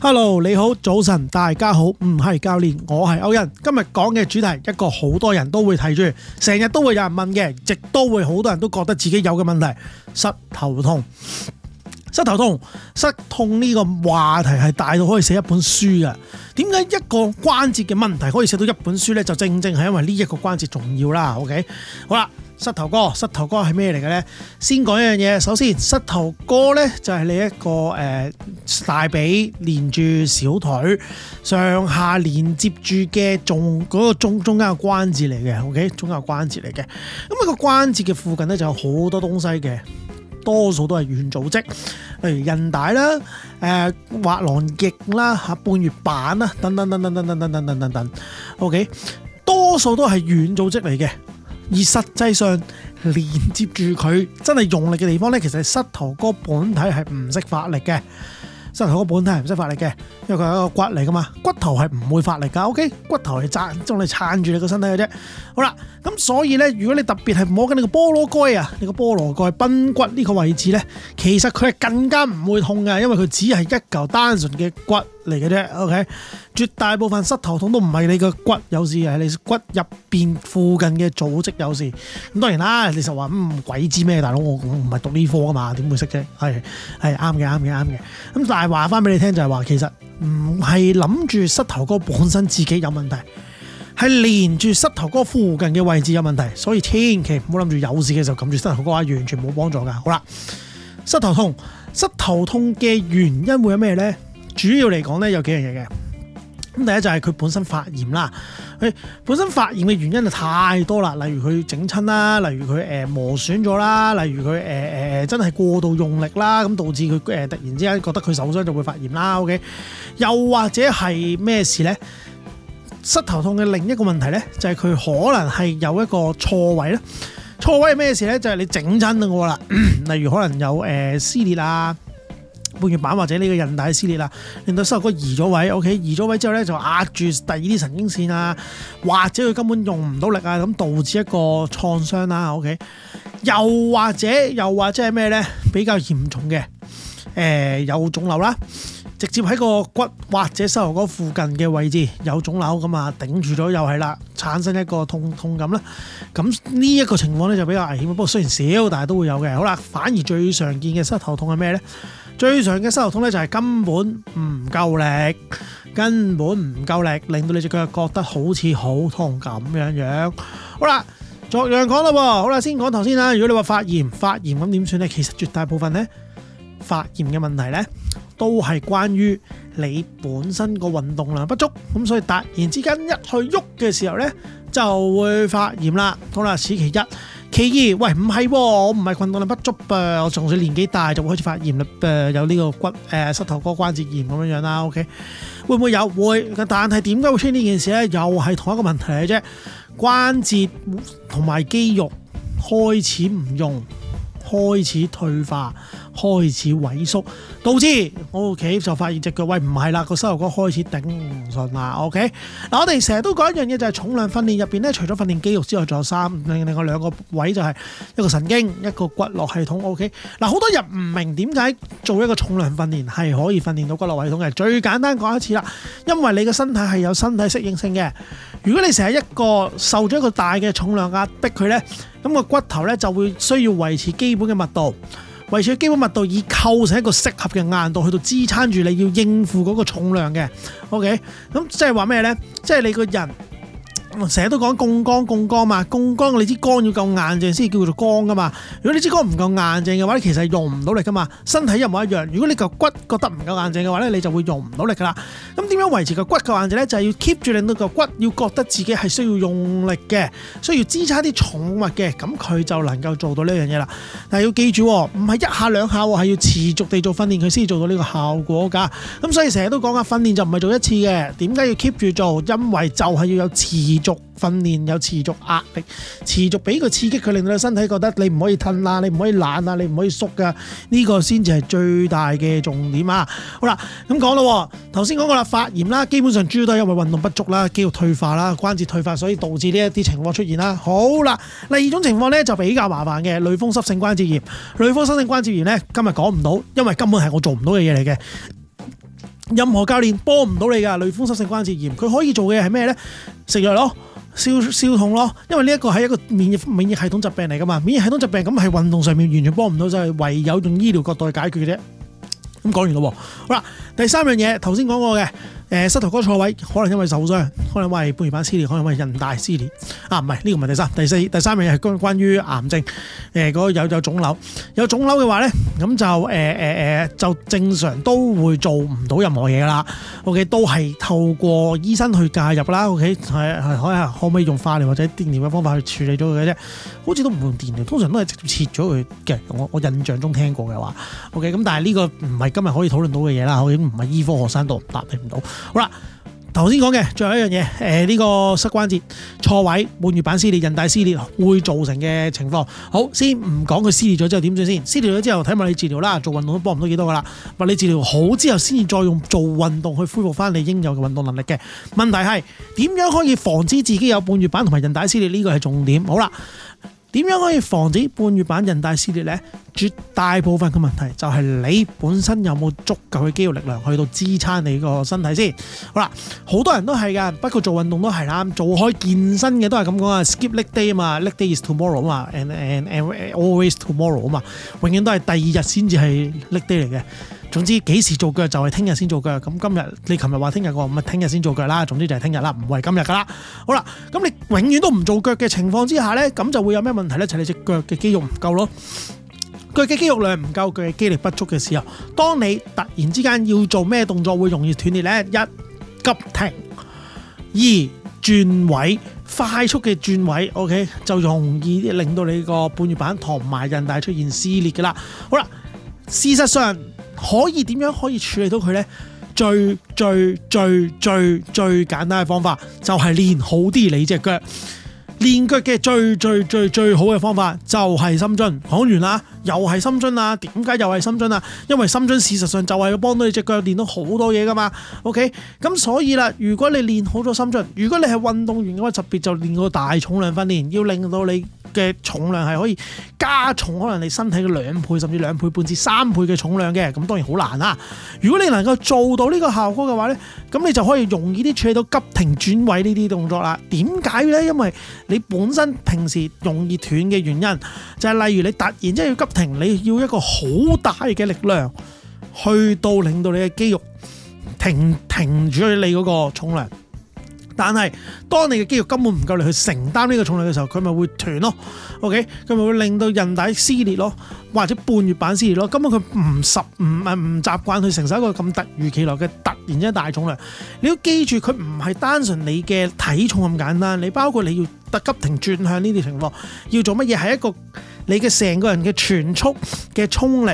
Hello，你好，早晨，大家好，唔係教練，我係歐人。今日講嘅主題一個好多人都會提出，成日都會有人問嘅，亦都會好多人都覺得自己有嘅問題，膝頭痛。膝頭痛、膝痛，呢個話題係大到可以寫一本書㗎。點解一個關節嘅問題可以寫到一本書呢？就正正係因為呢一個關節重要啦。OK，好啦，膝頭哥，膝頭哥係咩嚟嘅呢？先講一樣嘢，首先膝頭哥呢就係你一個誒大髀連住小腿上下連接住嘅中，嗰個中中間嘅關節嚟嘅。OK，中間嘅關節嚟嘅。咁啊個關節嘅附近呢就有好多東西嘅。多數都係軟組織，例如韌帶啦、誒滑囊液啦、吓半月板啦，等等等等等等等等等等。OK，多數都係軟組織嚟嘅，而實際上連接住佢真係用力嘅地方咧，其實係膝頭哥本體係唔識發力嘅。真係好本體係唔識發力嘅，因為佢係一個骨嚟噶嘛，骨頭係唔會發力㗎。O.K. 骨頭係撐，將你撐住你個身體嘅啫。好啦，咁所以咧，如果你特別係摸緊你個菠蘿蓋啊，你個菠蘿蓋、髕骨呢個位置咧，其實佢係更加唔會痛嘅，因為佢只係一嚿單純嘅骨。嚟嘅啫，OK。絕大部分膝頭痛都唔係你個骨有事，係你骨入邊附近嘅組織有事。咁當然啦，你實話，唔、嗯、鬼知咩？大佬，我唔係讀呢科噶嘛，點會識啫？係係啱嘅，啱嘅，啱嘅。咁但係話翻俾你聽就，就係話其實唔係諗住膝頭哥本身自己有問題，係連住膝頭哥附近嘅位置有問題。所以千祈唔好諗住有事嘅時候撳住膝頭哥，係完全冇幫助㗎。好啦，膝頭痛，膝頭痛嘅原因會有咩呢？主要嚟講咧，有幾樣嘢嘅。咁第一就係佢本身發炎啦。佢本身發炎嘅原因就太多了啦，例如佢整親啦，例如佢誒磨損咗啦，例如佢誒誒真係過度用力啦，咁導致佢誒、呃、突然之間覺得佢受傷就會發炎啦。OK。又或者係咩事咧？膝頭痛嘅另一個問題咧，就係、是、佢可能係有一個錯位咧。錯位係咩事咧？就係、是、你整親我啦。 例如可能有誒、呃、撕裂啊。半月板或者呢個韌帶撕裂啦，令到膝頭哥移咗位，OK，移咗位之後咧就壓住第二啲神經線啊，或者佢根本用唔到力啊，咁導致一個創傷啦，O K，又或者又或者係咩咧？比較嚴重嘅，誒、呃、有腫瘤啦，直接喺個骨或者膝頭哥附近嘅位置有腫瘤，咁啊頂住咗又係啦，產生一個痛痛感啦。咁呢一個情況咧就比較危險，不過雖然少，但係都會有嘅。好啦，反而最常見嘅膝頭痛係咩咧？最常嘅膝頭痛咧就係根本唔夠力，根本唔夠力，令到你隻腳覺得好似好痛咁樣樣。好啦，作樣講啦噃。好啦，先講頭先啦。如果你話發炎，發炎咁點算呢？其實絕大部分呢，發炎嘅問題呢，都係關於你本身個運動量不足，咁所以突然之間一去喐嘅時候呢，就會發炎啦。好啦，此其一。其二，喂，唔係喎，我唔係運動力不足噃，我就算年紀大就會開始發炎嘞。有呢個骨、呃、膝頭哥關節炎咁樣樣啦，OK，會唔會有？會，但係點解會出現呢件事呢？又係同一個問題嘅啫，關節同埋肌肉開始唔用，開始退化。開始萎縮，導致 O.K. 就發現隻腳位唔係啦，個膝頭哥開始頂唔順啦。O.K. 嗱，我哋成日都講一樣嘢，就係、是、重量訓練入邊咧，除咗訓練肌肉之外，仲有三另另外兩個位就係一個神經一個骨骼系統。O.K. 嗱，好多人唔明點解做一個重量訓練係可以訓練到骨骼系統嘅，最簡單講一次啦，因為你嘅身體係有身體適應性嘅。如果你成日一個受咗一個大嘅重量壓迫佢呢，咁個骨頭呢，就會需要維持基本嘅密度。維持佢基本密度以構成一個適合嘅硬度，去到支撐住你要應付嗰個重量嘅。OK，咁即係話咩呢？即、就、係、是、你個人，成日都講槓桿槓桿嘛，槓桿你支桿要夠硬淨先叫做桿噶嘛。如果你支桿唔夠硬淨嘅話，其其實係用唔到力噶嘛。身體一模一樣。如果你嚿骨覺得唔夠硬淨嘅話咧，你就會用唔到力噶啦。咁點樣維持個骨夠硬淨咧？就係、是、要 keep 住令到個骨要覺得自己係需要用力嘅，需要支撐啲重物嘅，咁佢就能夠做到呢樣嘢啦。但係要記住，唔係一下兩下，係要持續地做訓練，佢先做到呢個效果噶。咁所以成日都講啊，訓練就唔係做一次嘅。點解要 keep 住做？因為就係要有持續。持續訓練有持續壓力，持續俾個刺激，佢令到你身體覺得你唔可以褪啦，你唔可以懶啊，你唔可以縮噶，呢個先至係最大嘅重點啊！好啦，咁講喎。頭先講過啦，發炎啦，基本上主要都係因為運動不足啦，肌肉退化啦，關節退化，所以導致呢一啲情況出現啦。好啦，第二種情況呢就比較麻煩嘅，類風濕性關節炎。類風濕性關節炎呢，今日講唔到，因為根本係我做唔到嘅嘢嚟嘅。任何教練幫唔到你噶。類風濕性關節炎，佢可以做嘅嘢係咩呢？食藥咯，消消痛咯，因為呢一個係一個免疫免疫系統疾病嚟噶嘛，免疫系統疾病，咁係運動上面完全幫唔到，就係唯有用醫療角度去解決嘅啫。咁講完咯喎，好啦，第三樣嘢頭先講過嘅。誒、呃、膝頭哥錯位，可能因為受傷，可能因為半月板撕裂，可能因為韌帶撕裂。啊，唔係呢個唔係第三、第四、第三名係關關於癌症。誒、呃，嗰、那個、有有腫瘤，有腫瘤嘅話咧，咁就誒誒誒，就正常都會做唔到任何嘢噶啦。O、okay? K，都係透過醫生去介入啦。O K，係係可係可唔可以用化療或者電療嘅方法去處理咗佢嘅啫？好似都唔會用電療，通常都係直接切咗佢嘅。我我印象中聽過嘅話。O K，咁但係呢個唔係今日可以討論到嘅嘢啦。我唔係醫科學生度答你唔到。好啦，頭先講嘅，最後一樣嘢，誒、這個，呢個膝關節錯位、半月板撕裂、韌帶撕裂會造成嘅情況。好，先唔講佢撕裂咗之後點算先，撕裂咗之後睇物理治療啦，做運動都幫唔到幾多噶啦。物理治療好之後，先至再用做運動去恢復翻你應有嘅運動能力嘅。問題係點樣可以防止自己有半月板同埋韌帶撕裂呢？呢個係重點。好啦。點樣可以防止半月板韌帶撕裂呢？絕大部分嘅問題就係你本身有冇足夠嘅肌肉力量去到支撐你個身體先。好啦，好多人都係噶，不過做運動都係啦，做，開健身嘅都係咁講啊。Skip leg day 嘛，leg day is tomorrow 嘛，and and and always tomorrow 嘛，永遠都係第二日先至係 leg day 嚟嘅。總之幾時做腳就係聽日先做腳，咁今日你琴日話聽日過，咁啊聽日先做腳啦。總之就係聽日啦，唔係今日噶啦。好啦，咁你永遠都唔做腳嘅情況之下呢，咁就會有咩問題呢？就係你隻腳嘅肌肉唔夠咯，腳嘅肌肉量唔夠，佢嘅肌力不足嘅時候，當你突然之間要做咩動作會容易斷裂呢？一急停，二轉位，快速嘅轉位，OK 就容易令到你個半月板、同埋韌帶出現撕裂噶啦。好啦，事實上。可以點樣可以處理到佢呢？最最最最最簡單嘅方法就係練好啲你隻腳。練腳嘅最最最最好嘅方法就係深蹲。講完啦，又係深蹲啊？點解又係深蹲啊？因為深蹲事實上就係要幫到你隻腳練到好多嘢㗎嘛。OK，咁所以啦，如果你練好咗深蹲，如果你係運動員嘅話，特別就練個大重量訓練，要令到你嘅重量係可以加重，可能你身體嘅兩倍甚至兩倍半至三倍嘅重量嘅，咁當然好難啦。如果你能夠做到呢個效果嘅話呢，咁你就可以容易啲處理到急停轉位呢啲動作啦。點解呢？因為你本身平時容易斷嘅原因，就係例如你突然之間要急停，你要一個好大嘅力量去到令到你嘅肌肉停停住你嗰個重量。但係，當你嘅肌肉根本唔夠你去承擔呢個重量嘅時候，佢咪會斷咯。OK，佢咪會令到韌帶撕裂咯，或者半月板撕裂咯。根本佢唔熟唔唔習慣去承受一個咁突如其來嘅突然之間大重量。你要記住，佢唔係單純你嘅體重咁簡單，你包括你要突急停轉向呢啲情況要做乜嘢，係一個你嘅成個人嘅全速嘅衝力，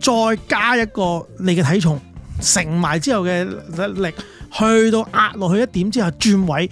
再加一個你嘅體重乘埋之後嘅力。去到壓落去一點之後轉位。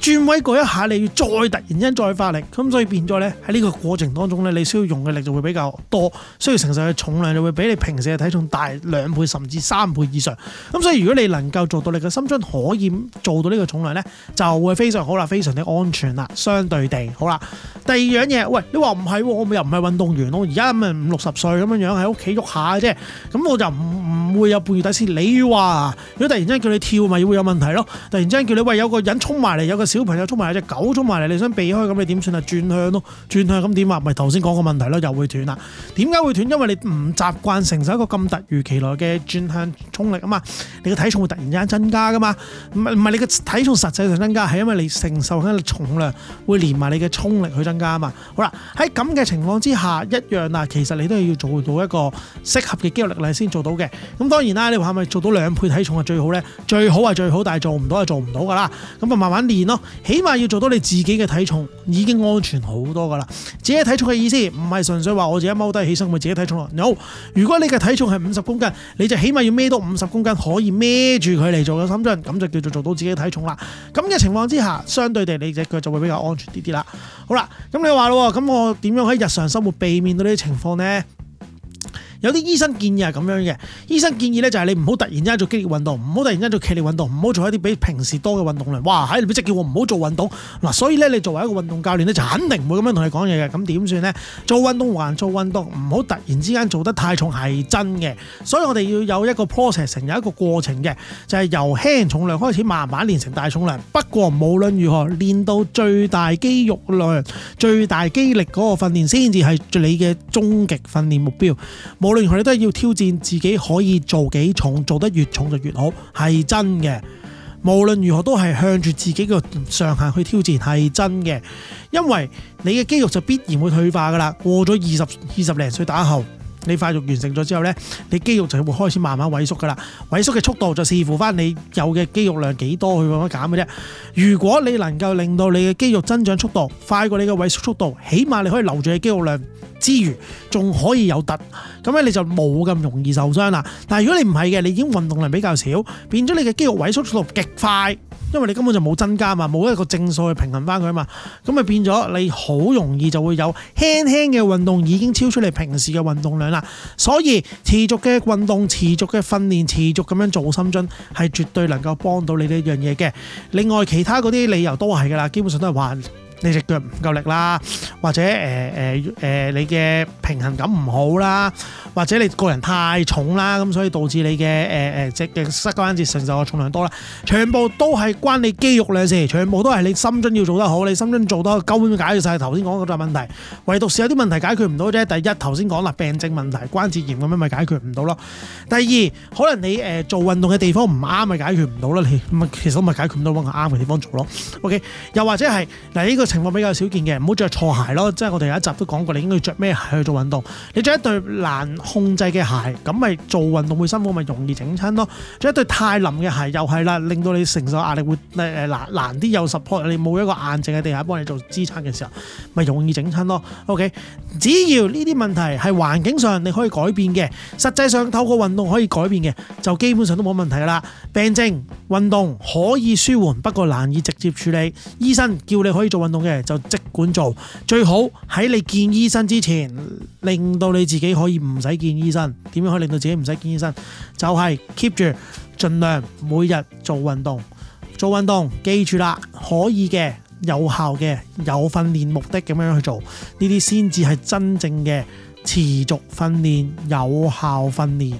轉位嗰一下，你要再突然間再發力，咁所以變咗咧喺呢個過程當中咧，你需要用嘅力度就會比較多，需要承受嘅重量就會比你平時嘅體重大兩倍甚至三倍以上。咁所以如果你能夠做到你嘅心臟可以做到呢個重量咧，就會非常好啦，非常之安全啦。相對地，好啦。第二樣嘢，喂，你話唔係，我又唔係運動員咯，我現在 5, 在家而家咪五六十歲咁樣樣喺屋企喐下嘅啫，咁我就唔唔會有半月板先、啊。你話如果突然間叫你跳咪會有問題咯，突然之間叫你喂有個人衝埋嚟有個。小朋友衝埋嚟，隻狗衝埋嚟，你想避開咁，你點算啊？轉向咯，轉向咁點啊？咪頭先講個問題咯，又會斷啦。點解會斷？因為你唔習慣承受一個咁突如其來嘅轉向衝力啊嘛。你嘅體重會突然間增加噶嘛？唔係唔係，你嘅體重實際上增加係因為你承受嘅重量會連埋你嘅衝力去增加啊嘛。好啦，喺咁嘅情況之下一樣啊，其實你都係要做到一個適合嘅肌肉力量先做到嘅。咁當然啦，你話係咪做到兩倍體重係最好呢？最好係最好，但係做唔到係做唔到噶啦。咁啊，慢慢練咯。起碼要做到你自己嘅體重已經安全好多噶啦，自己體重嘅意思唔係純粹話我自己踎低起身會自己體重咯。No, 如果你嘅體重係五十公斤，你就起碼要孭到五十公斤可以孭住佢嚟做個深蹲，咁就叫做做到自己嘅體重啦。咁嘅情況之下，相對地你隻腳就會比較安全啲啲啦。好啦，咁你話咯，咁我點樣喺日常生活避免到呢啲情況呢？有啲醫生建議係咁樣嘅，醫生建議咧就係你唔好突然之間做激烈運動，唔好突然之間做劇烈運動，唔好做一啲比平時多嘅運動量。哇，喺你即叫我唔好做運動嗱，所以咧你作為一個運動教練咧就肯定唔會咁樣同你講嘢嘅。咁點算呢？做運動還做運動，唔好突然之間做得太重係真嘅。所以我哋要有一個 process，成有一個過程嘅，就係由輕重量開始，慢慢練成大重量。不過無論如何，練到最大肌肉量、最大肌力嗰個訓練先至係你嘅終極訓練目標。無論佢都係要挑戰自己可以做幾重，做得越重就越好，係真嘅。無論如何都係向住自己嘅上限去挑戰，係真嘅。因為你嘅肌肉就必然會退化噶啦，過咗二十二十零歲打後，你發育完成咗之後呢，你肌肉就會開始慢慢萎縮噶啦，萎縮嘅速度就視乎翻你有嘅肌肉量幾多去咁樣減嘅啫。如果你能夠令到你嘅肌肉增長速度快過你嘅萎縮速度，起碼你可以留住嘅肌肉量之餘，仲可以有突，咁你就冇咁容易受傷啦。但如果你唔係嘅，你已經運動量比較少，變咗你嘅肌肉萎縮速度極快，因為你根本就冇增加嘛，冇一個正數去平衡翻佢啊嘛，咁咪變咗你好容易就會有輕輕嘅運動已經超出你平時嘅運動量啦。所以持續嘅運動、持續嘅訓練、持續咁樣做深蹲係絕對能夠幫到你呢一樣嘢嘅。另外其他嗰啲理由都係㗎啦，基本上都係話。你隻腳唔夠力啦，或者誒誒誒，你嘅平衡感唔好啦，或者你個人太重啦，咁所以導致你嘅誒誒隻嘅膝關節承受嘅重量多啦，全部都係關你肌肉嘅事，全部都係你深蹲要做得好，你深蹲做得夠，咁就解決曬頭先講嗰個問題。唯獨是有啲問題解決唔到啫。第一，頭先講啦，病症問題、關節炎咁樣咪解決唔到咯。第二，可能你誒做運動嘅地方唔啱，咪解決唔到啦。你咪其實我咪解決唔到，揾個啱嘅地方做咯。OK，又或者係嗱呢個。情況比較少見嘅，唔好着錯鞋咯。即係我哋有一集都講過，你應該要着咩鞋去做運動？你着一對難控制嘅鞋，咁咪做運動會辛苦，咪容易整親咯。着一對太腍嘅鞋又係啦，令到你承受壓力會誒難啲，又 support 你冇一個硬淨嘅地下幫你做支撐嘅時候，咪容易整親咯。OK，只要呢啲問題係環境上你可以改變嘅，實際上透過運動可以改變嘅，就基本上都冇問題啦。病症運動可以舒緩，不過難以直接處理。醫生叫你可以做運動。嘅就即管做，最好喺你見醫生之前，令到你自己可以唔使見醫生。點樣可以令到自己唔使見醫生？就係 keep 住盡量每日做運動，做運動記住啦，可以嘅、有效嘅、有訓練目的咁樣去做呢啲，先至係真正嘅持續訓練、有效訓練。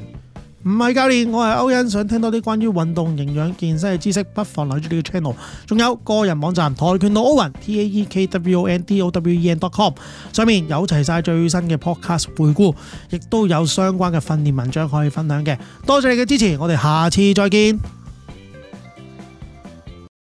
唔係教練，我係歐恩，想聽多啲關於運動營養健身嘅知識，不妨留住呢個 channel。仲有個人網站跆拳道歐恩 T A E K W O N D O W E N dot com 上面有齊晒最新嘅 podcast 回顧，亦都有相關嘅訓練文章可以分享嘅。多謝你嘅支持，我哋下次再見。